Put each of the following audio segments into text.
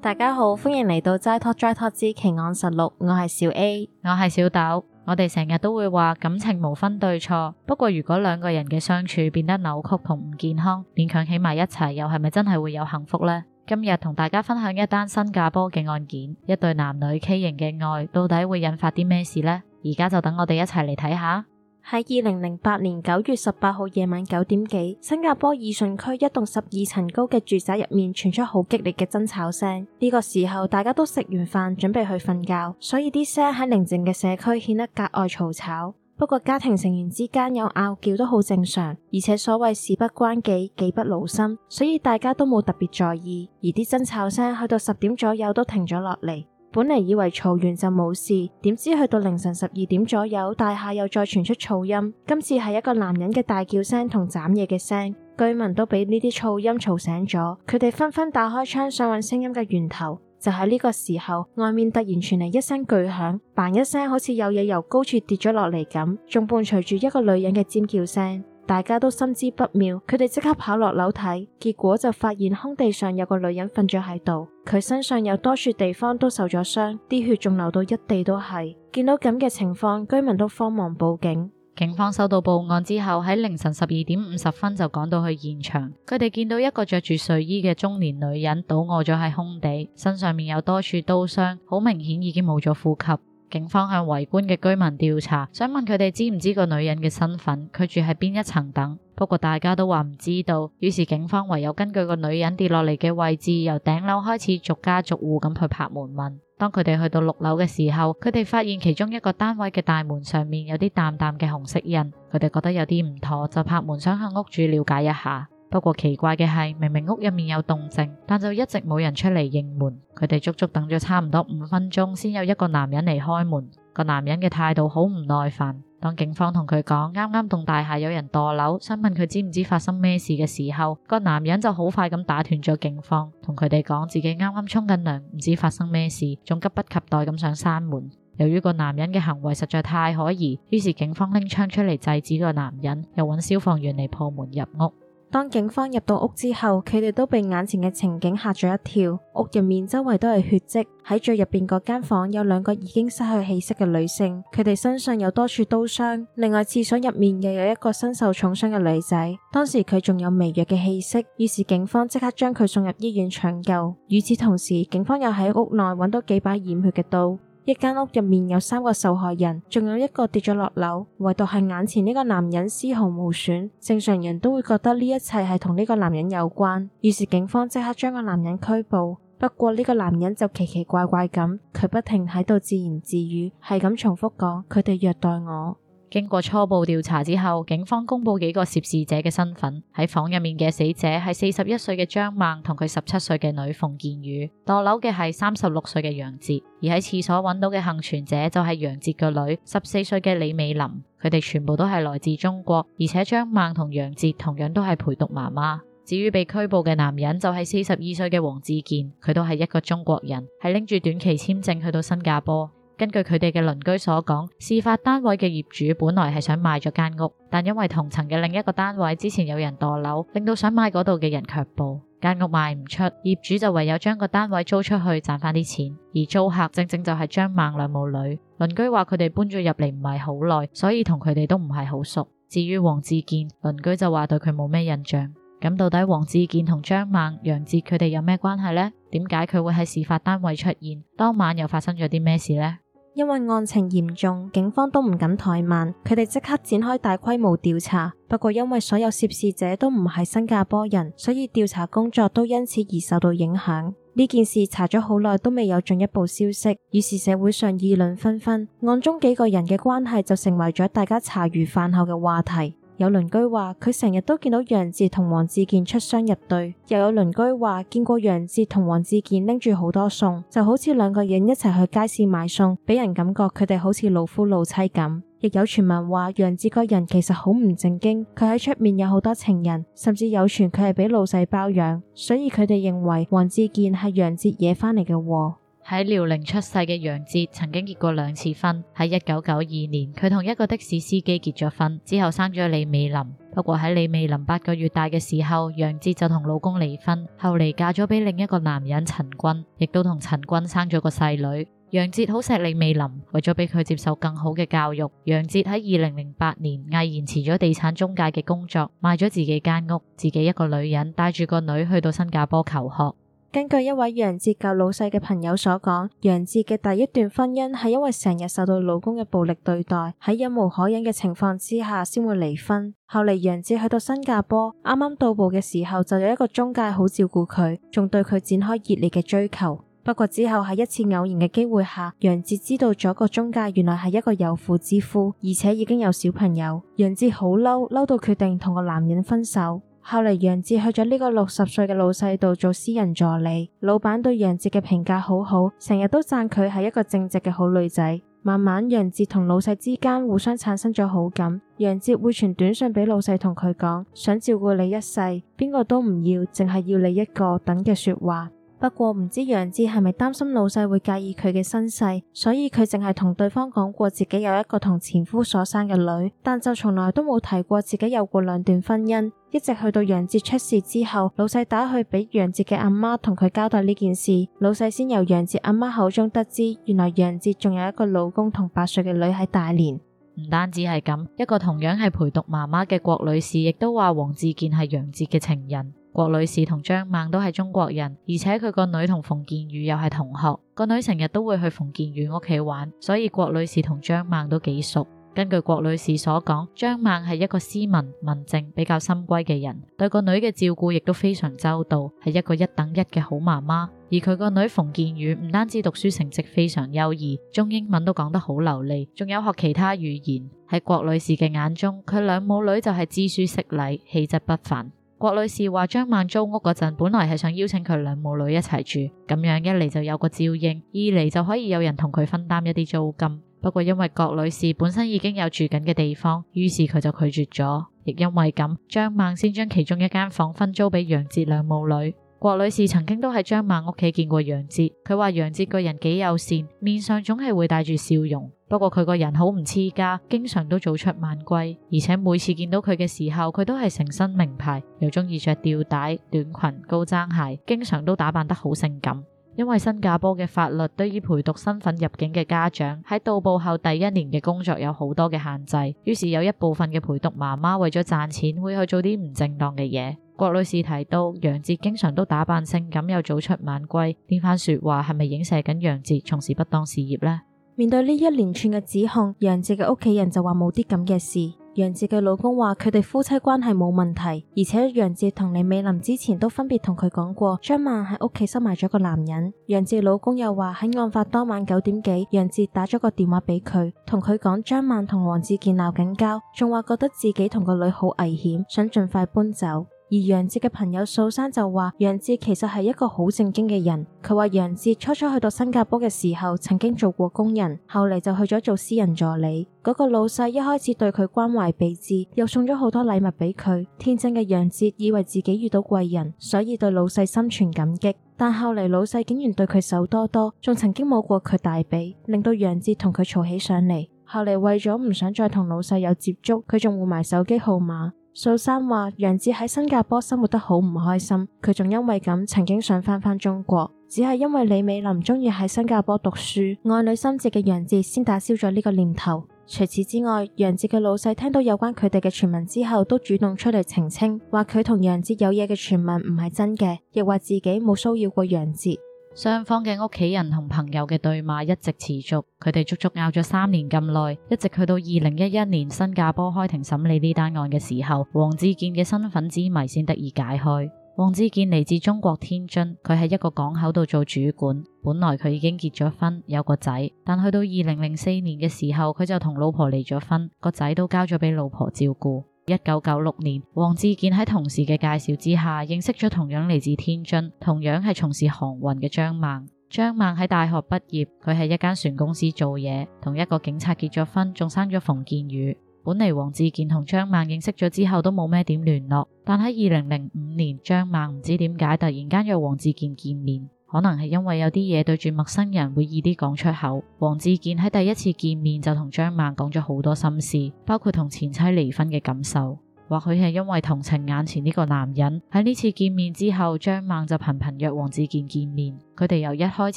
大家好，歡迎嚟到齋托齋托之奇案實錄，我係小 A，我係小豆，我哋成日都會話感情無分對錯，不過如果兩個人嘅相處變得扭曲同唔健康，勉強起埋一齊，又係咪真係會有幸福呢？今日同大家分享一單新加坡嘅案件，一對男女畸形嘅愛到底會引發啲咩事呢？而家就等我哋一齊嚟睇下。喺二零零八年九月十八號夜晚九點幾，新加坡義順區一棟十二層高嘅住宅入面傳出好激烈嘅爭吵聲。呢、這個時候大家都食完飯準備去瞓覺，所以啲聲喺寧靜嘅社區顯得格外嘈吵，吵。不過家庭成員之間有拗撬都好正常，而且所謂事不關己己不勞心，所以大家都冇特別在意。而啲爭吵聲去到十點左右都停咗落嚟。本嚟以為嘈完就冇事，點知去到凌晨十二點左右，大廈又再傳出噪音。今次係一個男人嘅大叫聲同斬嘢嘅聲，居民都俾呢啲噪音嘈醒咗。佢哋紛紛打開窗想揾聲音嘅源頭。就喺呢個時候，外面突然傳嚟一聲巨響，嘭一聲，好似有嘢由高處跌咗落嚟咁，仲伴隨住一個女人嘅尖叫聲。大家都心知不妙，佢哋即刻跑落樓睇，結果就發現空地上有個女人瞓着喺度，佢身上有多處地方都受咗傷，啲血仲流到一地都係。見到咁嘅情況，居民都慌忙報警。警方收到報案之後，喺凌晨十二點五十分就趕到去現場，佢哋見到一個着住睡衣嘅中年女人倒卧咗喺空地，身上面有多處刀傷，好明顯已經冇咗呼吸。警方向圍觀嘅居民調查，想問佢哋知唔知個女人嘅身份，佢住喺邊一層等。不過大家都話唔知道，於是警方唯有根據個女人跌落嚟嘅位置，由頂樓開始逐家逐戶咁去拍門問。當佢哋去到六樓嘅時候，佢哋發現其中一個單位嘅大門上面有啲淡淡嘅紅色印，佢哋覺得有啲唔妥，就拍門想向屋主了解一下。不過奇怪嘅係，明明屋入面有動靜，但就一直冇人出嚟應門。佢哋足足等咗差唔多五分鐘，先有一個男人嚟開門。個男人嘅態度好唔耐煩。當警方同佢講啱啱棟大廈有人墮樓，想問佢知唔知發生咩事嘅時候，個男人就好快咁打斷咗警方，同佢哋講自己啱啱沖緊涼，唔知發生咩事，仲急不及待咁想閂門。由於個男人嘅行為實在太可疑，於是警方拎槍出嚟制止個男人，又揾消防員嚟破門入屋。當警方入到屋之後，佢哋都被眼前嘅情景嚇咗一跳。屋入面周圍都係血跡，喺最入邊嗰間房有兩個已經失去氣息嘅女性，佢哋身上有多處刀傷。另外，廁所入面又有一個身受重傷嘅女仔，當時佢仲有微弱嘅氣息，於是警方即刻將佢送入醫院搶救。與此同時，警方又喺屋內揾到幾把染血嘅刀。一間屋入面有三個受害人，仲有一個跌咗落樓，唯獨係眼前呢個男人絲毫無損。正常人都會覺得呢一切係同呢個男人有關，於是警方即刻將個男人拘捕。不過呢個男人就奇奇怪怪咁，佢不停喺度自言自語，係咁重複講佢哋虐待我。經過初步調查之後，警方公布幾個涉事者嘅身份。喺房入面嘅死者係四十一歲嘅張孟同佢十七歲嘅女馮建宇，墮樓嘅係三十六歲嘅楊婕，而喺廁所揾到嘅幸存者就係楊婕嘅女十四歲嘅李美琳。佢哋全部都係來自中國，而且張孟同楊婕同樣都係陪讀媽媽。至於被拘捕嘅男人就係四十二歲嘅王志健，佢都係一個中國人，係拎住短期簽證去到新加坡。根據佢哋嘅鄰居所講，事發單位嘅業主本來係想賣咗間屋，但因為同層嘅另一個單位之前有人墮樓，令到想買嗰度嘅人卻步，間屋賣唔出，業主就唯有將個單位租出去賺翻啲錢。而租客正正就係張孟兩母女。鄰居話佢哋搬咗入嚟唔係好耐，所以同佢哋都唔係好熟。至於王志健，鄰居就話對佢冇咩印象。咁到底王志健同張孟、楊婕佢哋有咩關係呢？點解佢會喺事發單位出現？當晚又發生咗啲咩事呢？因為案情嚴重，警方都唔敢怠慢，佢哋即刻展開大規模調查。不過因為所有涉事者都唔係新加坡人，所以調查工作都因此而受到影響。呢件事查咗好耐都未有進一步消息，於是社會上議論紛紛，案中幾個人嘅關係就成為咗大家茶餘飯後嘅話題。有鄰居話佢成日都見到楊婕同王志健出雙入對，又有鄰居話見過楊婕同王志健拎住好多餸，就好似兩個人一齊去街市買餸，俾人感覺佢哋好似老夫老妻咁。亦有傳聞話楊婕個人其實好唔正經，佢喺出面有好多情人，甚至有傳佢係俾老細包養，所以佢哋認為王志健係楊婕惹返嚟嘅禍。喺遼寧出世嘅楊婕曾經結過兩次婚。喺一九九二年，佢同一個的士司機結咗婚，之後生咗李美琳。不過喺李美琳八個月大嘅時候，楊婕就同老公離婚。後嚟嫁咗俾另一個男人陳軍，亦都同陳軍生咗個細女。楊婕好錫李美琳，為咗俾佢接受更好嘅教育，楊婕喺二零零八年毅然辭咗地產中介嘅工作，賣咗自己間屋，自己一個女人帶住個女去到新加坡求學。根據一位楊婕舊老細嘅朋友所講，楊婕嘅第一段婚姻係因為成日受到老公嘅暴力對待，喺忍無可忍嘅情況之下先會離婚。後嚟楊婕去到新加坡，啱啱到埗嘅時候就有一個中介好照顧佢，仲對佢展開熱烈嘅追求。不過之後喺一次偶然嘅機會下，楊婕知道咗個中介原來係一個有婦之夫，而且已經有小朋友。楊婕好嬲，嬲到決定同個男人分手。後嚟，楊婕去咗呢個六十歲嘅老細度做私人助理，老闆對楊婕嘅評價好好，成日都讚佢係一個正直嘅好女仔。慢慢，楊婕同老細之間互相產生咗好感。楊婕會傳短信俾老細同佢講，想照顧你一世，邊個都唔要，淨係要你一個等嘅說話。不過唔知楊婕係咪擔心老細會介意佢嘅身世，所以佢淨係同對方講過自己有一個同前夫所生嘅女，但就從來都冇提過自己有過兩段婚姻。一直去到楊婕出事之後，老細打去俾楊婕嘅阿媽同佢交代呢件事，老細先由楊婕阿媽口中得知，原來楊婕仲有一個老公同八歲嘅女喺大連。唔單止係咁，一個同樣係陪讀媽媽嘅郭女士，亦都話王志健係楊婕嘅情人。郭女士同張孟都係中國人，而且佢個女同馮建宇又係同學，個女成日都會去馮建宇屋企玩，所以郭女士同張孟都幾熟。根據郭女士所講，張孟係一個斯文、文靜、比較深閨嘅人，對個女嘅照顧亦都非常周到，係一個一等一嘅好媽媽。而佢個女馮建宇唔單止讀書成績非常優異，中英文都講得好流利，仲有學其他語言。喺郭女士嘅眼中，佢兩母女就係知書識禮，氣質不凡。郭女士話張孟租屋嗰陣，本來係想邀請佢兩母女一齊住，咁樣一嚟就有個照應，二嚟就可以有人同佢分擔一啲租金。不過因為郭女士本身已經有住緊嘅地方，於是佢就拒絕咗。亦因為咁，張孟先將其中一間房分租俾楊婕兩母女。郭女士曾經都喺張孟屋企見過楊婕，佢話楊婕個人幾友善，面上總係會帶住笑容。不過佢個人好唔黐家，經常都早出晚歸，而且每次見到佢嘅時候，佢都係成身名牌，又中意着吊帶、短裙、高踭鞋，經常都打扮得好性感。因為新加坡嘅法律對於陪讀身份入境嘅家長喺到埗後第一年嘅工作有好多嘅限制，於是有一部分嘅陪讀媽媽為咗賺錢，會去做啲唔正當嘅嘢。郭女士提到楊婕經常都打扮性感又早出晚歸，呢番說話係咪影射緊楊婕從事不當事業呢？面對呢一連串嘅指控，楊婕嘅屋企人就話冇啲咁嘅事。楊婕嘅老公話佢哋夫妻關係冇問題，而且楊婕同李美林之前都分別同佢講過，張孟喺屋企收埋咗個男人。楊婕老公又話喺案發當晚九點幾，楊婕打咗個電話俾佢，同佢講張孟同王志健鬧緊交，仲話覺得自己同個女好危險，想盡快搬走。而楊婕嘅朋友素山就話，楊婕其實係一個好正經嘅人。佢話楊婕初初去到新加坡嘅時候，曾經做過工人，後嚟就去咗做私人助理。嗰個老細一開始對佢關懷備至，又送咗好多禮物俾佢。天真嘅楊婕以為自己遇到貴人，所以對老細心存感激。但後嚟老細竟然對佢手多多，仲曾經摸過佢大髀，令到楊婕同佢嘈起上嚟。後嚟為咗唔想再同老細有接觸，佢仲換埋手機號碼。素珊話楊婕喺新加坡生活得好唔開心，佢仲因為咁曾經想返返中國，只係因為李美琳鍾意喺新加坡讀書，愛女心切嘅楊婕先打消咗呢個念頭。除此之外，楊婕嘅老細聽到有關佢哋嘅傳聞之後，都主動出嚟澄清，話佢同楊婕有嘢嘅傳聞唔係真嘅，亦話自己冇騷擾過楊婕。雙方嘅屋企人同朋友嘅對罵一直持續，佢哋足足拗咗三年咁耐，一直去到二零一一年新加坡開庭審理呢單案嘅時候，王志健嘅身份之謎先得以解開。王志健嚟自中國天津，佢喺一個港口度做主管。本來佢已經結咗婚，有個仔，但去到二零零四年嘅時候，佢就同老婆離咗婚，個仔都交咗俾老婆照顧。一九九六年，王志健喺同事嘅介紹之下，認識咗同樣嚟自天津、同樣係從事航運嘅張孟。張孟喺大學畢業，佢喺一間船公司做嘢，同一個警察結咗婚，仲生咗馮建宇。本嚟王志健同張孟認識咗之後，都冇咩點聯絡。但喺二零零五年，張孟唔知點解突然間約王志健見面。可能係因為有啲嘢對住陌生人會易啲講出口。王志健喺第一次見面就同張孟講咗好多心事，包括同前妻離婚嘅感受。或許係因為同情眼前呢個男人，喺呢次見面之後，張孟就頻頻約王志健見面。佢哋由一開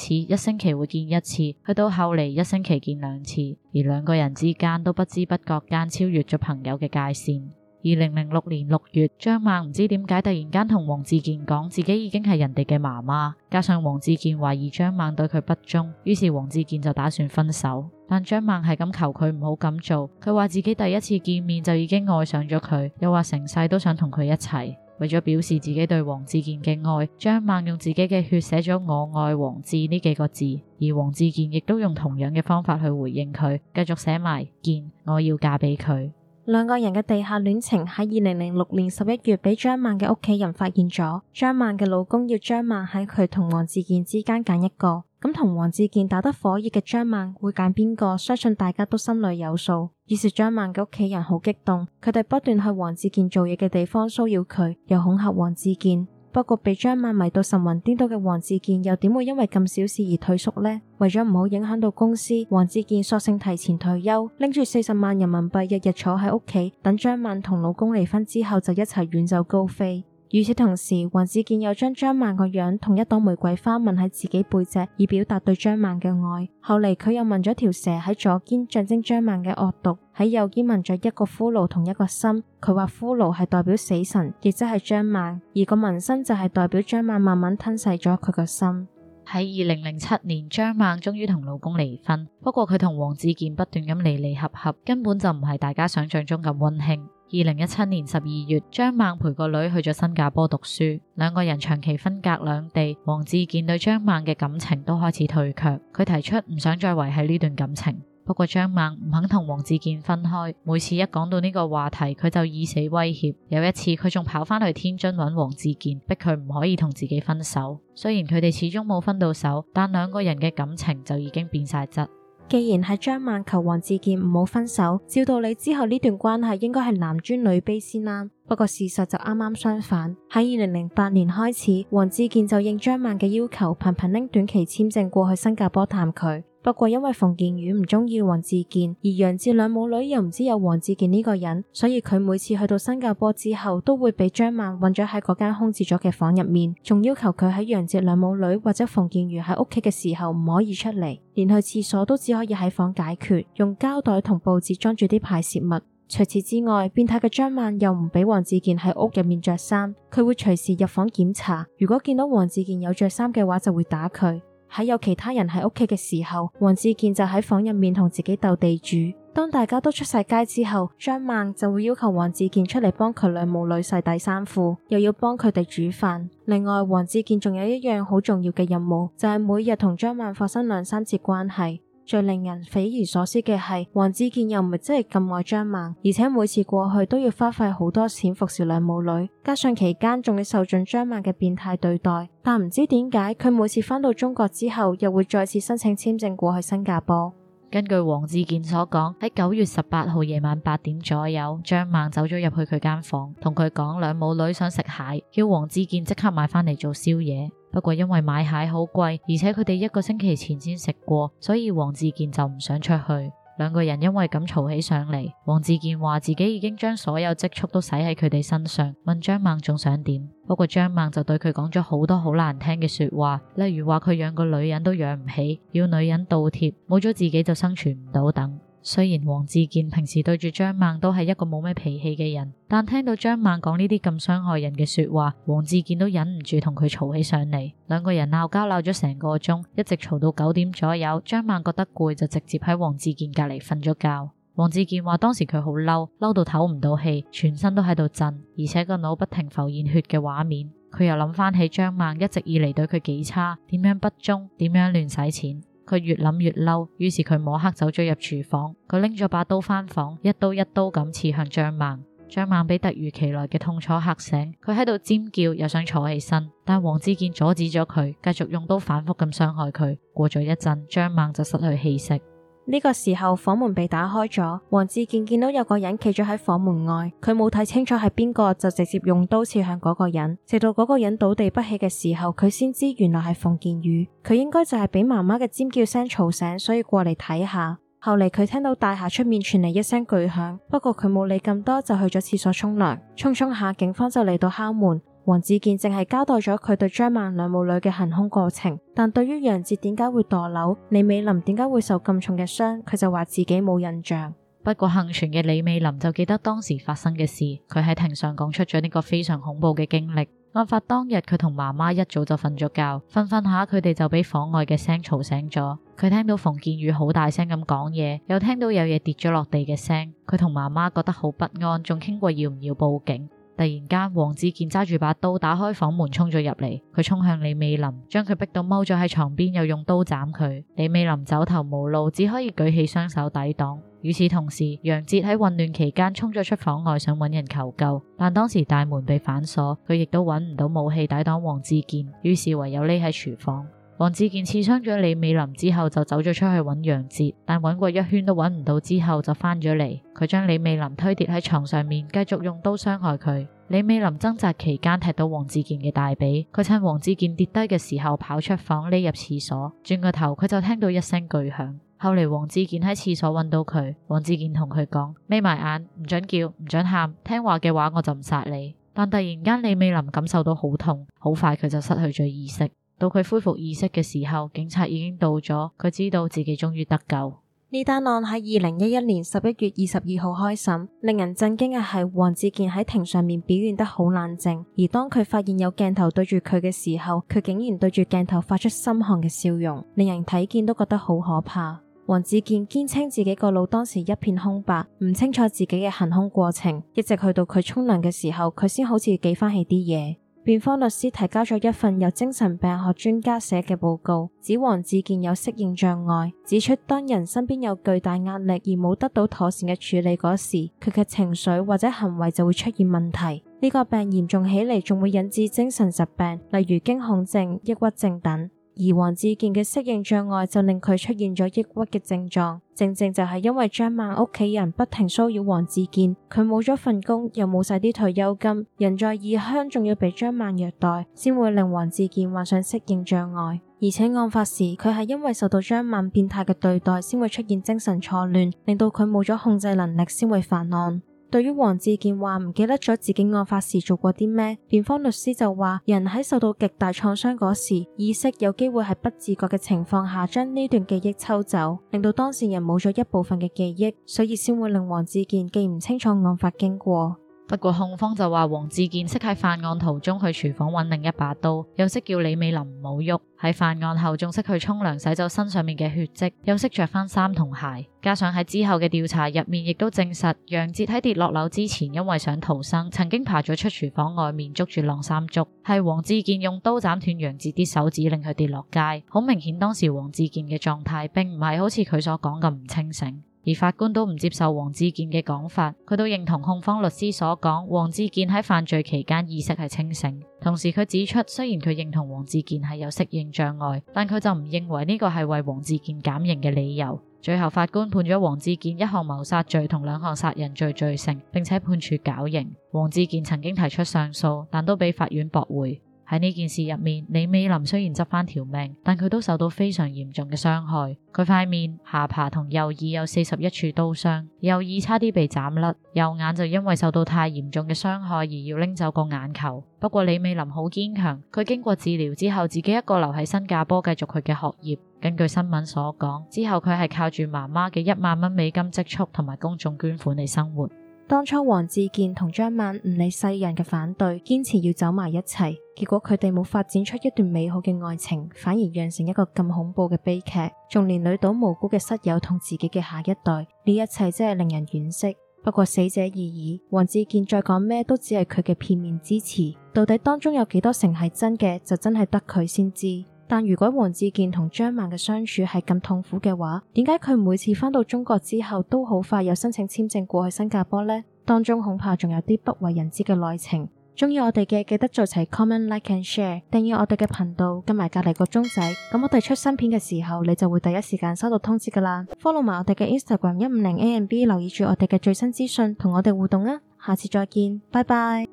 始一星期會見一次，去到後嚟一星期見兩次，而兩個人之間都不知不覺間超越咗朋友嘅界線。二零零六年六月，張孟唔知點解突然間同王志健講自己已經係人哋嘅媽媽，加上王志健懷疑張孟對佢不忠，於是王志健就打算分手。但張孟係咁求佢唔好咁做，佢話自己第一次見面就已經愛上咗佢，又話成世都想同佢一齊。為咗表示自己對王志健嘅愛，張孟用自己嘅血寫咗我愛王志呢幾個字，而王志健亦都用同樣嘅方法去回應佢，繼續寫埋健，我要嫁俾佢。兩個人嘅地下戀情喺二零零六年十一月俾張孟嘅屋企人發現咗，張孟嘅老公要張孟喺佢同王志健之間揀一個，咁同王志健打得火熱嘅張孟會揀邊個？相信大家都心裏有數。於是張孟嘅屋企人好激動，佢哋不斷去王志健做嘢嘅地方騷擾佢，又恐嚇王志健。不過被張孟迷到神魂顛倒嘅王志健又點會因為咁小事而退縮呢？為咗唔好影響到公司，王志健索性提前退休，拎住四十萬人民幣，日日坐喺屋企等張孟同老公離婚之後就一齊遠走高飛。與此同時，王志健又將張孟個樣同一朵玫瑰花紋喺自己背脊，以表達對張孟嘅愛。後嚟佢又紋咗條蛇喺左肩，象徵張孟嘅惡毒；喺右肩紋咗一個骷髏同一個心。佢話骷髏係代表死神，亦即係張孟，而個紋身就係代表張孟慢慢吞噬咗佢個心。喺二零零七年，張孟終於同老公離婚，不過佢同王志健不斷咁離離合合，根本就唔係大家想象中咁溫馨。二零一七年十二月，張孟陪個女去咗新加坡讀書，兩個人長期分隔兩地。王志健對張孟嘅感情都開始退卻，佢提出唔想再維繫呢段感情。不過張孟唔肯同王志健分開，每次一講到呢個話題，佢就以死威脅。有一次佢仲跑翻去天津揾王志健，逼佢唔可以同自己分手。雖然佢哋始終冇分到手，但兩個人嘅感情就已經變晒質。既然係張孟求王志健唔好分手，照道理之後呢段關係應該係男尊女卑先啱。不過事實就啱啱相反。喺二零零八年開始，王志健就應張孟嘅要求，頻頻拎短期簽證過去新加坡探佢。不過因為馮建宇唔中意王志健，而楊婕兩母女又唔知有王志健呢個人，所以佢每次去到新加坡之後，都會俾張孟困咗喺嗰間空置咗嘅房入面，仲要求佢喺楊婕兩母女或者馮建宇喺屋企嘅時候唔可以出嚟，連去廁所都只可以喺房解決，用膠袋同報紙裝住啲排泄物。除此之外，變態嘅張孟又唔俾王志健喺屋入面着衫，佢會隨時入房檢查，如果見到王志健有着衫嘅話，就會打佢。喺有其他人喺屋企嘅時候，王志健就喺房入面同自己鬥地主。當大家都出晒街之後，張孟就會要求王志健出嚟幫佢兩母女洗底衫褲，又要幫佢哋煮飯。另外，王志健仲有一樣好重要嘅任務，就係每日同張孟發生兩三次關係。最令人匪夷所思嘅係，王志健又唔係真係咁愛張孟，而且每次過去都要花費好多錢服侍兩母女，加上期間仲要受盡張孟嘅變態對待。但唔知點解，佢每次翻到中國之後，又會再次申請簽證過去新加坡。根據王志健所講，喺九月十八號夜晚八點左右，張孟走咗入去佢間房，同佢講兩母女想食蟹，叫王志健即刻買翻嚟做宵夜。不過因為買蟹好貴，而且佢哋一個星期前先食過，所以王志健就唔想出去。兩個人因為咁嘈起上嚟，王志健話自己已經將所有積蓄都使喺佢哋身上，問張孟仲想點。不過張孟就對佢講咗好多好難聽嘅說話，例如話佢養個女人都養唔起，要女人倒貼，冇咗自己就生存唔到等。雖然王志健平時對住張孟都係一個冇咩脾氣嘅人，但聽到張孟講呢啲咁傷害人嘅說話，王志健都忍唔住同佢嘈起上嚟。兩個人鬧交鬧咗成個鐘，一直嘈到九點左右。張孟覺得攰，就直接喺王志健隔籬瞓咗覺。王志健話當時佢好嬲，嬲到唞唔到氣，全身都喺度震，而且個腦不停浮現血嘅畫面。佢又諗翻起張孟一直以嚟對佢幾差，點樣不忠，點樣亂使錢。佢越諗越嬲，於是佢摸黑走咗入廚房，佢拎咗把刀返房，一刀一刀咁刺向張孟。張孟被突如其來嘅痛楚嚇醒，佢喺度尖叫，又想坐起身，但王志健阻止咗佢，繼續用刀反覆咁傷害佢。過咗一陣，張孟就失去氣息。呢個時候房門被打開咗，王志健見到有個人企咗喺房門外，佢冇睇清楚係邊個，就直接用刀刺向嗰個人，直到嗰個人倒地不起嘅時候，佢先知原來係馮建宇，佢應該就係俾媽媽嘅尖叫聲吵醒，所以過嚟睇下。後嚟佢聽到大廈出面傳嚟一聲巨響，不過佢冇理咁多，就去咗廁所沖涼，沖沖下警方就嚟到敲門。王志健淨係交代咗佢對張孟兩母女嘅行兇過程，但對於楊婕點解會墮樓、李美琳點解會受咁重嘅傷，佢就話自己冇印象。不過幸存嘅李美琳就記得當時發生嘅事，佢喺庭上講出咗呢個非常恐怖嘅經歷。案發當日，佢同媽媽一早就瞓咗覺，瞓瞓下佢哋就俾房外嘅聲吵醒咗。佢聽到馮建宇好大聲咁講嘢，又聽到有嘢跌咗落地嘅聲，佢同媽媽覺得好不安，仲傾過要唔要報警。突然間，王志健揸住把刀，打開房門衝咗入嚟。佢衝向李美琳，將佢逼到踎咗喺床邊，又用刀斬佢。李美琳走投無路，只可以舉起雙手抵擋。與此同時，楊婕喺混亂期間衝咗出房外，想搵人求救，但當時大門被反鎖，佢亦都搵唔到武器抵擋王志健，於是唯有匿喺廚房。王志健刺傷咗李美林之後就走咗出去揾楊哲，但揾過一圈都揾唔到之後就返咗嚟。佢將李美林推跌喺床上面，繼續用刀傷害佢。李美林掙扎期間踢到王志健嘅大髀，佢趁王志健跌低嘅時候跑出房匿入廁所。轉個頭佢就聽到一聲巨響。後嚟王志健喺廁所揾到佢，王志健同佢講：眯埋眼，唔准叫，唔准喊，聽話嘅話我就唔殺你。但突然間李美林感受到好痛，好快佢就失去咗意識。到佢恢復意識嘅時候，警察已經到咗。佢知道自己終於得救。呢單案喺二零一一年十一月二十二號開審，令人震驚嘅係王志健喺庭上面表現得好冷靜，而當佢發現有鏡頭對住佢嘅時候，佢竟然對住鏡頭發出心寒嘅笑容，令人睇見都覺得好可怕。王志健堅稱自己個腦當時一片空白，唔清楚自己嘅行凶過程，一直去到佢沖涼嘅時候，佢先好似記翻起啲嘢。辯方律師提交咗一份由精神病學專家寫嘅報告，指王志健有適應障礙，指出當人身邊有巨大壓力而冇得到妥善嘅處理嗰時，佢嘅情緒或者行為就會出現問題。呢、這個病嚴重起嚟，仲會引致精神疾病，例如驚恐症、抑鬱症等。而王志健嘅適應障礙就令佢出現咗抑鬱嘅症狀，正正就係因為張孟屋企人不停騷擾王志健，佢冇咗份工，又冇晒啲退休金，人在異鄉仲要被張孟虐待，先會令王志健患上適應障礙。而且案發時佢係因為受到張孟變態嘅對待，先會出現精神錯亂，令到佢冇咗控制能力，先會犯案。對於王志健話唔記得咗自己案發時做過啲咩，辯方律師就話：人喺受到極大創傷嗰時，意識有機會喺不自覺嘅情況下將呢段記憶抽走，令到當事人冇咗一部分嘅記憶，所以先會令王志健記唔清楚案發經過。不過控方就話，王志健識喺犯案途中去廚房揾另一把刀，又識叫李美琳唔好喐，喺犯案後仲識去沖涼洗走身上面嘅血跡，又識着翻衫同鞋，加上喺之後嘅調查入面亦都證實，楊婕喺跌落樓之前因為想逃生，曾經爬咗出廚房外面捉住晾衫竹，係王志健用刀斬斷楊婕啲手指令佢跌落街，好明顯當時王志健嘅狀態並唔係好似佢所講咁唔清醒。而法官都唔接受王志健嘅講法，佢都認同控方律師所講，王志健喺犯罪期間意識係清醒。同時佢指出，雖然佢認同王志健係有適應障礙，但佢就唔認為呢個係為王志健減刑嘅理由。最後法官判咗王志健一項謀殺罪同兩項殺人罪罪成，並且判處絞刑。王志健曾經提出上訴，但都被法院駁回。喺呢件事入面，李美琳雖然執翻條命，但佢都受到非常嚴重嘅傷害。佢塊面、下巴同右耳有四十一處刀傷，右耳差啲被斬甩，右眼就因為受到太嚴重嘅傷害而要拎走個眼球。不過李美琳好堅強，佢經過治療之後，自己一個留喺新加坡繼續佢嘅學業。根據新聞所講，之後佢係靠住媽媽嘅一萬蚊美金積蓄同埋公眾捐款嚟生活。當初王志健同張曼唔理世人嘅反對，堅持要走埋一齊。結果佢哋冇發展出一段美好嘅愛情，反而釀成一個咁恐怖嘅悲劇，仲連累到無辜嘅室友同自己嘅下一代。呢一切真係令人惋惜。不過死者而已，王志健再講咩都只係佢嘅片面之詞。到底當中有幾多成係真嘅，就真係得佢先知。但如果王志健同張孟嘅相處係咁痛苦嘅話，點解佢每次返到中國之後都好快有申請簽證過去新加坡呢？當中恐怕仲有啲不為人知嘅內情。中意我哋嘅記得做齊 comment、like and share，訂閱我哋嘅頻道，撳埋隔籬個鐘仔，咁我哋出新片嘅時候你就會第一時間收到通知噶啦。Follow 埋我哋嘅 Instagram 一五零 AMB，留意住我哋嘅最新資訊，同我哋互動啊！下次再見，拜拜。